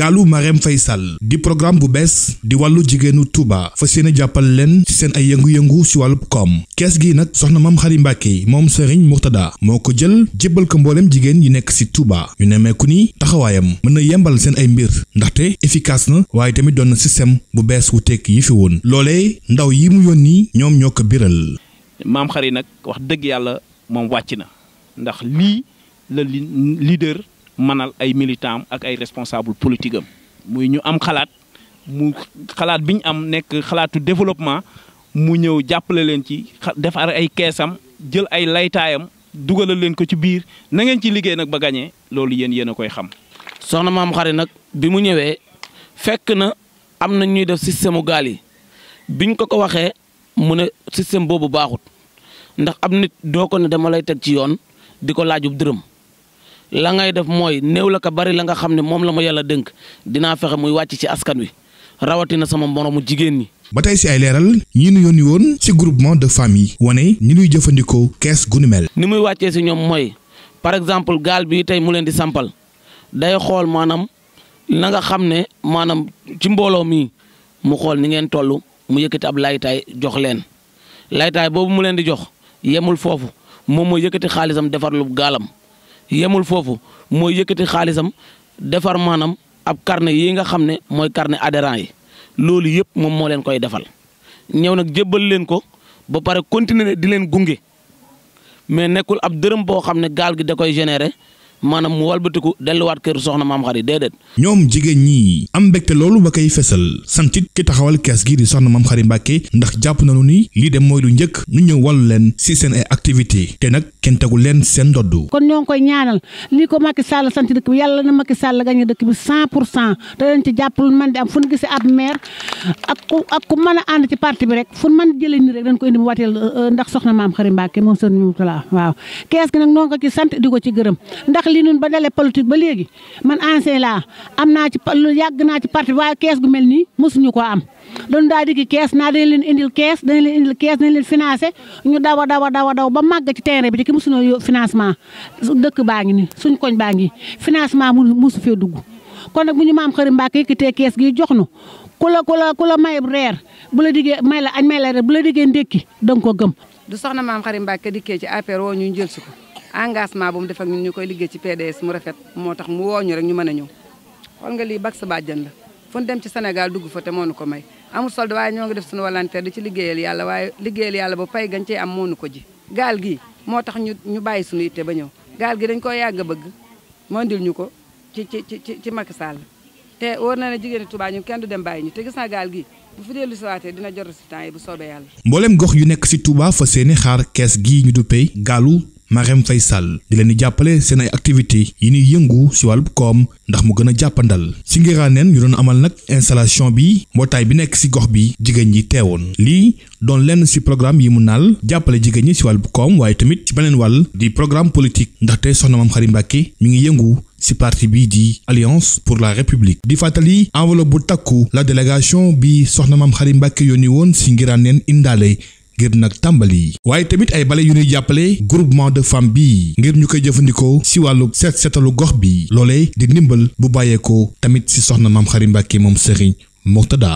gaalu Marème Faye Sall di programme bu bees di wàllu jigéenu Touba fas yéene jàppal leen ci seen ay yëngu-yëngu ci wàllu koom kees gi nag soxna maam Xari Mbàkke moom Serigne Mourtada moo ko jël jébbal ko mbooleem jigéen yi nekk ci Touba ñu nemmeeku ni taxawaayam mën na yembal seen ay mbir ndaxte efficace na waaye tamit doon na système bu bees wu tekk yi fi woon loolee ndaw yi mu yónni ñoom ñoo ko biral maam Xari nag wax dëgg yàlla moom wàcc na ndax lii manal ay militant ak ay responsable politique am muy ñu am xalaat mu xalaat bi ñu am nekk xalaatu développement mu ñëw jàppale leen ci defar ay keesam jël ay laytaayam dugalal leen ko ci biir na ngeen ci liggéey nag ba gañee loolu yéen yéen a koy xam. soxna maam xari nag bi mu ñëwee fekk na am na ñuy def système mu gaal yi biñ ko ko waxee mu ne système boobu baaxut ndax am nit doo ko ne dama lay teg ci yoon di ko laajub dërëm. la ngay def mooy néew la ko bari la nga xam ne moom la ma yàlla dënk dinaa fexe muy wàcc ci askan wi rawatina sama moromu jigéen ñi. ba tey si ay leeral ñi ñu yónni woon groupement de famille wane ñi ñuy jëfandikoo kees gu mel. ni muy wàccee si ñoom mooy par exemple gaal bi tey mu leen di sampal day xool maanaam na nga xam ne maanaam ci mbooloo mi mu xool ni ngeen tollu mu yëkkati ab laytaay jox leen laytaay boobu mu leen di jox yemul foofu moom mooy yëkkati xaalisam defar lu gaalam. yemul foofu mooy yëkkati xaalisam defar ab carnet yi nga xam ne mooy carnet adhérent yi loolu yëpp moom moo leen koy defal ñëw nag jébbal leen ko ba pare continuer di leen gunge mais nekkul ab dërëm boo xam ne gaal gi da koy générer maanaam mu walbatiku delluwaat kër soxna maam xari déedéet ñoom jigéen ñi am mbégte loolu ba koy fesal santit ki taxawal kees gi di soxna maam xari mbàkke ndax jàpp na nañu nii lii dem mooy lu njëkk ñu ñëw wàllu leen si seen ay activité te nag kenn tegu leen seen ndodd kon ñoo ngi koy ñaanal lii ko Macky Sall sant dëkk bi yàlla na Macky Sall gañe dëkk bi cent pour cent te leen ci jàppal man di am fu ñu gisee ab maire ak ku ak ku mën a ànd ci parti bi rek fu mën jëlee ni rek dañ ko indi mu wateel euh, ndax soxna maam xari mbàkke moom seen ñu waaw kees gi nag noo ko sant di ko ci gërëm lii nun ba dalee politique ba léegi man ancien laa am naa ci lu yàgg naa ci parti waaye kees gu mel nii mosuñu ko am dañu daa dikki kees naa dañ leen indil kees dañ leen indil kees financé ñu daw a daw a daw a daw ba màgg ci terrain bi di ki mosuñoo financement dëkk baa ngi ni suñ koñ baa ngi financement mu mosu fee dugg kon nag bu ñu maam xëri mbaa te kees gi jox nu ku la ku la ku la may reer bu la diggee may la añ may bu la diggee ndékki da nga ko gëm. du soxna maam xarim Mbacke ci APR woo ñu jël si engagement bu mu def ak ñu koy liggéey ci PDS mu rafet moo tax mu wooñu rek ñu mën a ñëw xool nga lii bag sa bàjjan la fu ñu dem ci Sénégal dugg fa te moonu ko may amul solde waaye ñoo ngi def suñu volontaire di ci liggéeyal yàlla waaye liggéeyal yàlla ba pay gañ cee am moonu ko ji gaal gi moo tax ñu ñu bàyyi suñu itte ba ñëw gaal gi dañ ko yàgg a bëgg moo ndil ñu ko ci ci ci ci Macky Sall te wóor na ne jigéeni Touba ñu kenn du dem bàyyi ñu te gis gaal gi bu fi dellu siwaatee dina jot résultat yi bu soobee yàlla mboolem gox yu nekk si Touba fa seeni xaar kees gii ñu du pay gaalu Marème Faye Sall di leen di jàppale seen ay activité yi ñuy yëngu si wàllu koom ndax mu gën a jàppandal si Nguiranene ñu doon amal nag installation bi mbootaay bi nekk si gox bi jigéen ñi teewoon lii doon lenn si programme yi mu naal jàppale jigéen ñi si wàllu koom waaye tamit ci beneen wàll di programme politique ndaxte soxna Maam Xari Mbàkke mi ngi yëngu ci parti bii di alliance pour la république di fàttali enveloppe bu takku la délégation bi soxna maam xarim mbàkke yónni woon ci Nguiranene indaale ngir nag tàmbali waaye tamit ay bale yu ñuy jàppale groupement de femmes bi ngir ñu koy jëfandikoo si wàllu seet setalu gox bi loole di ndimbal bu bàyyeekoo tamit si soxna maam xari Mbàkke moom Serigne Mourtada